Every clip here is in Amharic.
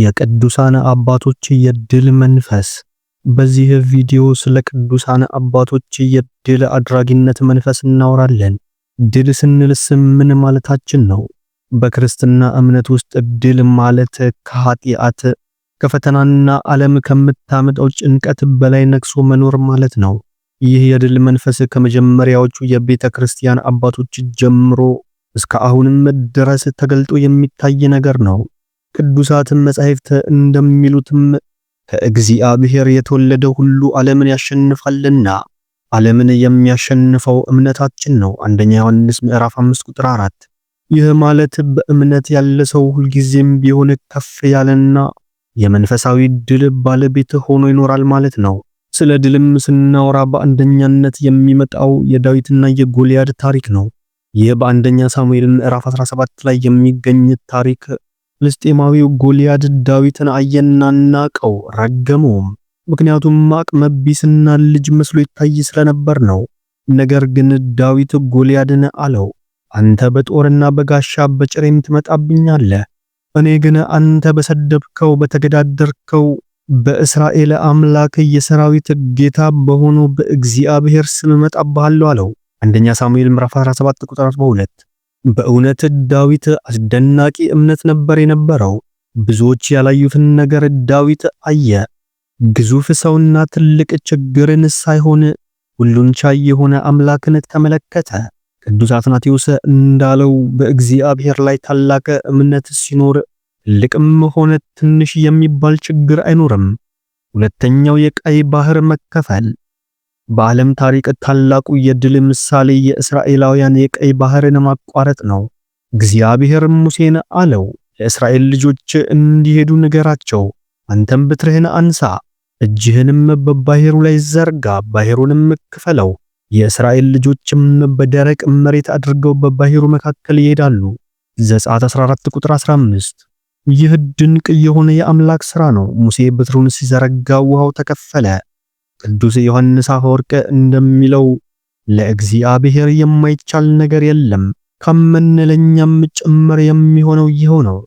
የቅዱሳን አባቶች የድል መንፈስ። በዚህ ቪዲዮ ስለ ቅዱሳን አባቶች የድል አድራጊነት መንፈስ እናወራለን። ድል ስንልስ ምን ማለታችን ነው? በክርስትና እምነት ውስጥ ድል ማለት ከኃጢአት ከፈተናና ዓለም ከምታመጣው ጭንቀት በላይ ነግሶ መኖር ማለት ነው። ይህ የድል መንፈስ ከመጀመሪያዎቹ የቤተ ክርስቲያን አባቶች ጀምሮ እስከ አሁንም ድረስ ተገልጦ የሚታይ ነገር ነው። ቅዱሳት መጻሕፍት እንደሚሉትም ከእግዚአብሔር የተወለደ ሁሉ ዓለምን ያሸንፋልና ዓለምን የሚያሸንፈው እምነታችን ነው። አንደኛ ዮሐንስ ምዕራፍ 5 ቁጥር 4። ይህ ማለት በእምነት ያለ ሰው ሁልጊዜም ቢሆን ከፍ ያለና የመንፈሳዊ ድል ባለቤት ሆኖ ይኖራል ማለት ነው። ስለ ድልም ስናወራ በአንደኛነት የሚመጣው የዳዊትና የጎልያድ ታሪክ ነው። ይህ በአንደኛ ሳሙኤል ምዕራፍ 17 ላይ የሚገኝ ታሪክ ፍልስጤማዊው ጎልያድ ዳዊትን አየና ናቀው፣ ረገመውም። ምክንያቱም ማቅ መቢስና ልጅ መስሎ ይታይ ስለነበር ነው። ነገር ግን ዳዊት ጎልያድን አለው፣ አንተ በጦርና በጋሻ በጭሬም ትመጣብኛለህ፣ እኔ ግን አንተ በሰደብከው በተገዳደርከው በእስራኤል አምላክ የሰራዊት ጌታ በሆነው በእግዚአብሔር ስም እመጣብሃለሁ አለው። አንደኛ ሳሙኤል ምዕራፍ 17 ቁጥር 42 በእውነት ዳዊት አስደናቂ እምነት ነበር የነበረው። ብዙዎች ያላዩትን ነገር ዳዊት አየ። ግዙፍ ሰውና ትልቅ ችግርን ሳይሆን ሁሉን ቻይ የሆነ አምላክን ተመለከተ። ቅዱስ አትናቴዎስ እንዳለው በእግዚአብሔር ላይ ታላቅ እምነት ሲኖር ትልቅም ሆነ ትንሽ የሚባል ችግር አይኖርም። ሁለተኛው የቀይ ባህር መከፈል በዓለም ታሪክ ታላቁ የድል ምሳሌ የእስራኤላውያን የቀይ ባህርን ማቋረጥ ነው። እግዚአብሔር ሙሴን አለው፣ ለእስራኤል ልጆች እንዲሄዱ ንገራቸው፣ አንተም ብትርህን አንሳ፣ እጅህንም በባህሩ ላይ ዘርጋ፣ ባህሩንም ክፈለው። የእስራኤል ልጆችም በደረቅ መሬት አድርገው በባህሩ መካከል ይሄዳሉ። ዘጸአት 14 ቁጥር 15። ይህ ድንቅ የሆነ የአምላክ ሥራ ነው። ሙሴ ብትሩን ሲዘረጋ ውሃው ተከፈለ። ቅዱስ ዮሐንስ አፈወርቅ እንደሚለው ለእግዚአብሔር የማይቻል ነገር የለም ከምንለኛም ጭምር የሚሆነው ይኸው ነው።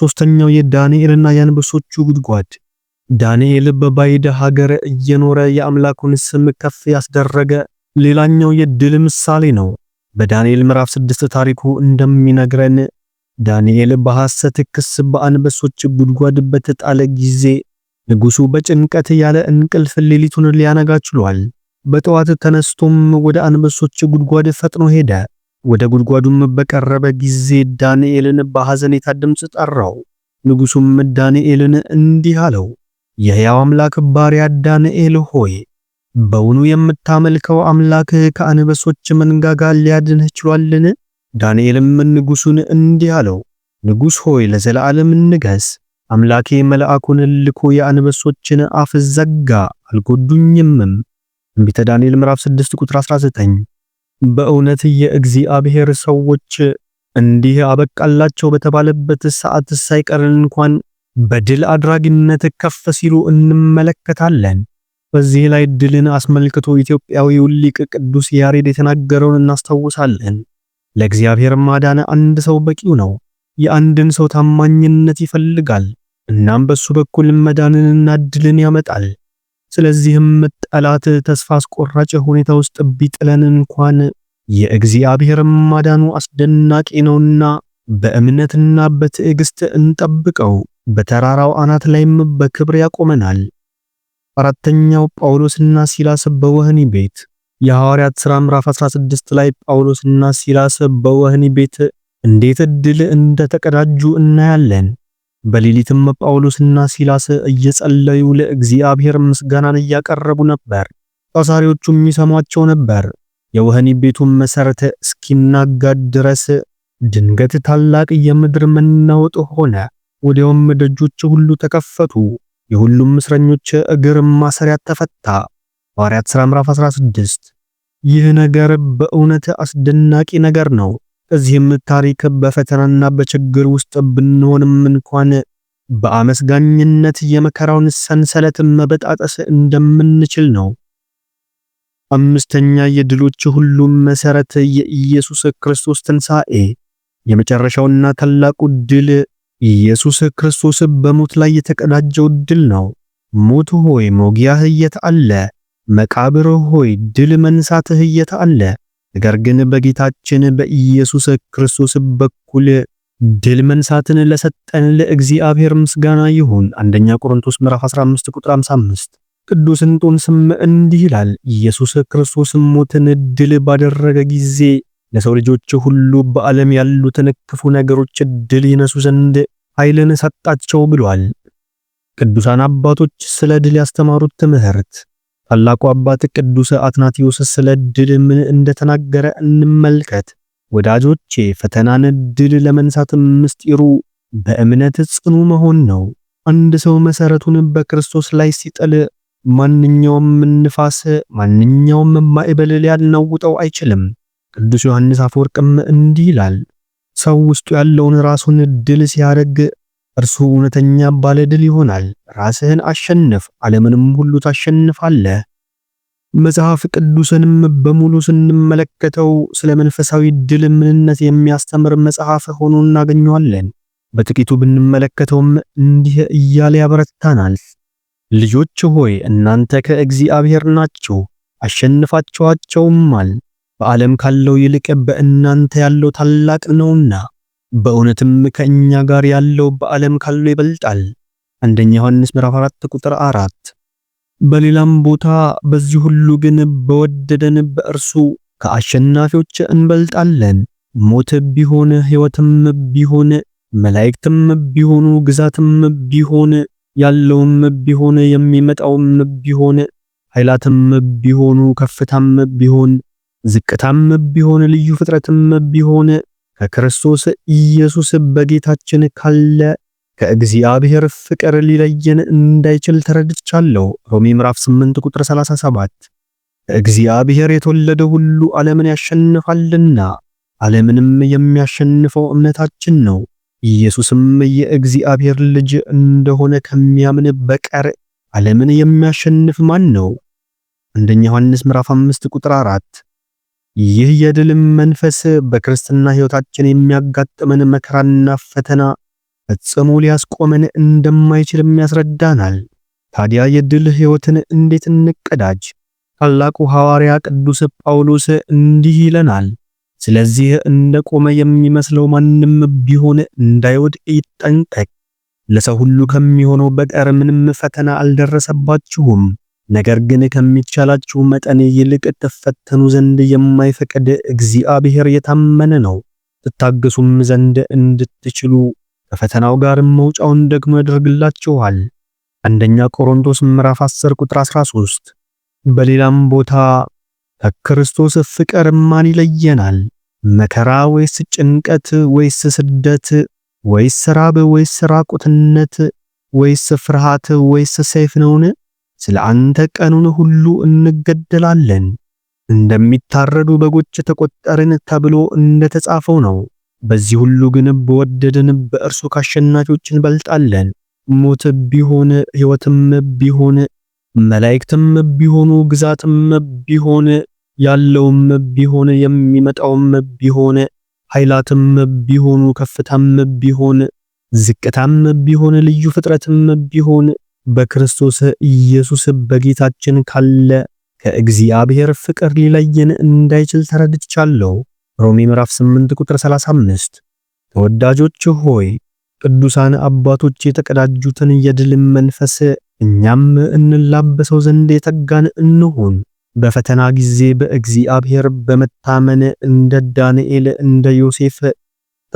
ሶስተኛው የዳንኤልና የአንበሶቹ ጉድጓድ ዳንኤል በባይድ ሀገር እየኖረ የአምላኩን ስም ከፍ ያስደረገ ሌላኛው የድል ምሳሌ ነው። በዳንኤል ምዕራፍ 6 ታሪኩ እንደሚነግረን ዳንኤል በሐሰት ክስ በአንበሶች ጉድጓድ በተጣለ ጊዜ ንጉሱ በጭንቀት ያለ እንቅልፍ ሌሊቱን ሊያነጋ ችሏል። በጠዋት ተነስቶም ወደ አንበሶች ጉድጓድ ፈጥኖ ሄደ። ወደ ጉድጓዱም በቀረበ ጊዜ ዳንኤልን በሐዘኔታ ድምፅ ጠራው። ንጉሱም ዳንኤልን እንዲህ አለው፣ የሕያው አምላክ ባሪያ ዳንኤል ሆይ በውኑ የምታመልከው አምላክ ከአንበሶች መንጋጋ ሊያድንህ ችሏልን? ዳንኤልም ንጉሱን እንዲህ አለው፣ ንጉሥ ሆይ ለዘላለም ንገስ አምላኬ መልአኩን ልኮ የአንበሶችን አፍ ዘጋ አልጎዱኝምም። ትንቢተ ዳንኤል ምዕራፍ 6 ቁጥር 19። በእውነት የእግዚአብሔር ሰዎች እንዲህ አበቃላቸው በተባለበት ሰዓት ሳይቀር እንኳን በድል አድራጊነት ከፍ ሲሉ እንመለከታለን። በዚህ ላይ ድልን አስመልክቶ ኢትዮጵያዊው ሊቅ ቅዱስ ያሬድ የተናገረውን እናስታውሳለን። ለእግዚአብሔር ማዳን አንድ ሰው በቂው ነው። የአንድን ሰው ታማኝነት ይፈልጋል። እናም በሱ በኩል መዳንንና ድልን ያመጣል። ስለዚህም ጠላት ተስፋ አስቆራጭ ሁኔታ ውስጥ ቢጥለን እንኳን የእግዚአብሔር ማዳኑ አስደናቂ ነውና በእምነትና በትዕግስት እንጠብቀው። በተራራው አናት ላይም በክብር ያቆመናል። አራተኛው ጳውሎስና ሲላስ በወህኒ ቤት የሐዋርያት ሥራ ምዕራፍ 16 ላይ ጳውሎስና ሲላስ በወህኒ ቤት እንዴት እድል እንደተቀዳጁ እናያለን። በሌሊትም ጳውሎስና ሲላስ እየጸለዩ ለእግዚአብሔር ምስጋናን እያቀረቡ ነበር። ታሳሪዎቹም የሚሰሟቸው ነበር። የወህኒ ቤቱን መሰረት እስኪናጋድ ድረስ ድንገት ታላቅ የምድር መናወጥ ሆነ። ወዲያውም ደጆች ሁሉ ተከፈቱ፣ የሁሉም እስረኞች እግር ማሰሪያ ተፈታ። ሐዋርያት ሥራ ምዕራፍ 16። ይህ ነገር በእውነት አስደናቂ ነገር ነው። ከዚህም ታሪክ በፈተናና በችግር ውስጥ ብንሆንም እንኳን በአመስጋኝነት የመከራውን ሰንሰለት መበጣጠስ እንደምንችል ነው። አምስተኛ የድሎች ሁሉም መሰረት የኢየሱስ ክርስቶስ ትንሣኤ፣ የመጨረሻውና ታላቁ ድል ኢየሱስ ክርስቶስ በሞት ላይ የተቀዳጀው ድል ነው። ሞት ሆይ ሞጊያህ የት አለ? መቃብር ሆይ ድል መንሳትህ የት አለ? ነገር ግን በጌታችን በኢየሱስ ክርስቶስ በኩል ድል መንሳትን ለሰጠን ለእግዚአብሔር ምስጋና ይሁን። አንደኛ ቆሮንቶስ ምዕራፍ 15 ቁጥር 55። ቅዱስ እንጦንስም እንዲህ ይላል፣ ኢየሱስ ክርስቶስ ሞትን ድል ባደረገ ጊዜ ለሰው ልጆች ሁሉ በዓለም ያሉትን ክፉ ነገሮች ድል ይነሱ ዘንድ ኃይልን ሰጣቸው ብሏል። ቅዱሳን አባቶች ስለ ድል ያስተማሩት ትምህርት ታላቁ አባት ቅዱስ አትናቴዎስ ስለ ድል ምን እንደተናገረ እንመልከት። ወዳጆቼ ፈተናን ድል ለመንሳት ምስጢሩ በእምነት ጽኑ መሆን ነው። አንድ ሰው መሰረቱን በክርስቶስ ላይ ሲጥል ማንኛውም ንፋስ፣ ማንኛውም ማዕበል ሊያናውጠው አይችልም። ቅዱስ ዮሐንስ አፈወርቅም እንዲህ ይላል፣ ሰው ውስጡ ያለውን ራሱን ድል ሲያደርግ እርሱ እውነተኛ ባለድል ይሆናል። ራስህን አሸንፍ፣ ዓለምንም ሁሉ ታሸንፋለህ። መጽሐፍ ቅዱስንም በሙሉ ስንመለከተው ስለ መንፈሳዊ ድል ምንነት የሚያስተምር መጽሐፍ ሆኖ እናገኘዋለን። በጥቂቱ ብንመለከተውም እንዲህ እያለ ያበረታናል። ልጆች ሆይ እናንተ ከእግዚአብሔር ናችሁ፣ አሸንፋችኋቸውማል። በዓለም ካለው ይልቅ በእናንተ ያለው ታላቅ ነውና በእውነትም ከእኛ ጋር ያለው በዓለም ካለው ይበልጣል። አንደኛ ዮሐንስ ምዕራፍ 4 ቁጥር 4። በሌላም ቦታ በዚህ ሁሉ ግን በወደደን በእርሱ ከአሸናፊዎች እንበልጣለን። ሞት ቢሆን ሕይወትም ቢሆን መላእክትም ቢሆኑ ግዛትም ቢሆን ያለውም ቢሆን የሚመጣውም ቢሆን ኃይላትም ቢሆኑ ከፍታም ቢሆን ዝቅታም ቢሆን ልዩ ፍጥረትም ቢሆን ከክርስቶስ ኢየሱስ በጌታችን ካለ ከእግዚአብሔር ፍቅር ሊለየን እንዳይችል ተረድቻለሁ። ሮሜ ምዕራፍ 8 ቁጥር 37 ከእግዚአብሔር የተወለደ ሁሉ ዓለምን ያሸንፋልና ዓለምንም የሚያሸንፈው እምነታችን ነው። ኢየሱስም የእግዚአብሔር ልጅ እንደሆነ ከሚያምን በቀር ዓለምን የሚያሸንፍ ማን ነው? አንደኛ ዮሐንስ ምዕራፍ 5 ቁጥር 4 ይህ የድልም መንፈስ በክርስትና ሕይወታችን የሚያጋጥመን መከራና ፈተና ፈጽሞ ሊያስቆመን እንደማይችልም ያስረዳናል። ታዲያ የድል ሕይወትን እንዴት እንቀዳጅ? ታላቁ ሐዋርያ ቅዱስ ጳውሎስ እንዲህ ይለናል፣ ስለዚህ እንደቆመ የሚመስለው ማንም ቢሆን እንዳይወድቅ ይጠንቀቅ፣ ለሰው ሁሉ ከሚሆነው በቀር ምንም ፈተና አልደረሰባችሁም ነገር ግን ከሚቻላችሁ መጠን ይልቅ ትፈተኑ ዘንድ የማይፈቅድ እግዚአብሔር የታመነ ነው። ትታገሱም ዘንድ እንድትችሉ ከፈተናው ጋር መውጫውን ደግሞ ያደርግላችኋል። አንደኛ ቆሮንቶስ ምዕራፍ 10 ቁጥር 13። በሌላም ቦታ ከክርስቶስ ፍቅር ማን ይለየናል? መከራ ወይስ ጭንቀት ወይስ ስደት ወይስ ራብ ወይስ ራቁትነት ወይስ ፍርሃት ወይስ ሰይፍ ነውን? ስለ አንተ ቀኑን ሁሉ እንገደላለን እንደሚታረዱ በጎች ተቆጠርን ተብሎ እንደተጻፈው ነው። በዚህ ሁሉ ግን በወደደን በእርሱ ካሸናፊዎች እንበልጣለን። ሞት ቢሆን ሕይወትም ቢሆን መላእክትም ቢሆኑ ግዛትም ቢሆን ያለውም ቢሆን የሚመጣውም ቢሆን ኃይላትም ቢሆኑ ከፍታም ቢሆን ዝቅታም ቢሆን ልዩ ፍጥረትም ቢሆን በክርስቶስ ኢየሱስ በጌታችን ካለ ከእግዚአብሔር ፍቅር ሊለየን እንዳይችል ተረድቻለሁ። ሮሜ ምዕራፍ 8 ቁጥር 35። ተወዳጆች ሆይ ቅዱሳን አባቶች የተቀዳጁትን የድል መንፈስ እኛም እንላበሰው ዘንድ የተጋን እንሁን። በፈተና ጊዜ በእግዚአብሔር በመታመን እንደ ዳንኤል እንደ ዮሴፍ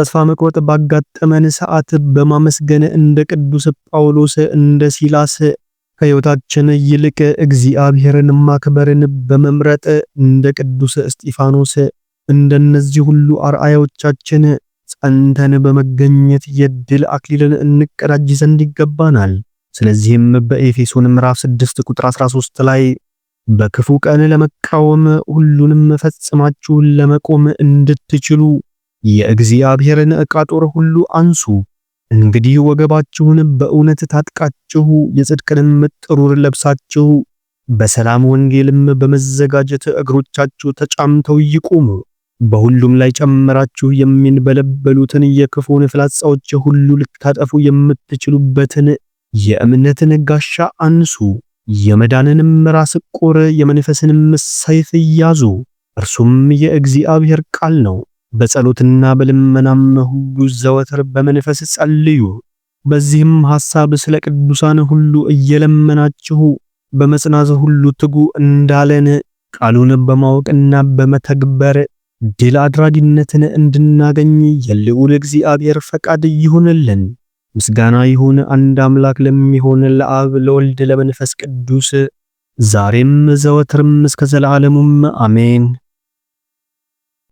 ተስፋ መቁረጥ ባጋጠመን ሰዓት በማመስገን እንደ ቅዱስ ጳውሎስ እንደ ሲላስ ከሕይወታችን ይልቅ እግዚአብሔርን ማክበርን በመምረጥ እንደ ቅዱስ እስጢፋኖስ እንደነዚህ ሁሉ አርአያዎቻችን ጸንተን በመገኘት የድል አክሊልን እንቀዳጅ ዘንድ ይገባናል። ስለዚህም በኤፌሶን ምዕራፍ 6 ቁጥር 13 ላይ በክፉ ቀን ለመቃወም ሁሉንም ፈጽማችሁ ለመቆም እንድትችሉ የእግዚአብሔርን ዕቃ ጦር ሁሉ አንሱ። እንግዲህ ወገባችሁን በእውነት ታጥቃችሁ የጽድቅንም ጥሩር ለብሳችሁ በሰላም ወንጌልም በመዘጋጀት እግሮቻችሁ ተጫምተው ይቁሙ። በሁሉም ላይ ጨምራችሁ የሚንበለበሉትን የክፉን ፍላጻዎች ሁሉ ልታጠፉ የምትችሉበትን የእምነትን ጋሻ አንሱ። የመዳንንም ራስ ቁር የመንፈስንም ሰይፍ ያዙ፣ እርሱም የእግዚአብሔር ቃል ነው። በጸሎትና በልመናም ሁሉ ዘወትር በመንፈስ ጸልዩ። በዚህም ሐሳብ ስለ ቅዱሳን ሁሉ እየለመናችሁ በመጽናት ሁሉ ትጉ እንዳለን ቃሉን በማወቅና በመተግበር ድል አድራጊነትን እንድናገኝ የልዑል እግዚአብሔር ፈቃድ ይሁንልን። ምስጋና ይሁን አንድ አምላክ ለሚሆን ለአብ ለወልድ ለመንፈስ ቅዱስ ዛሬም ዘወትርም እስከ ዘላለሙም አሜን።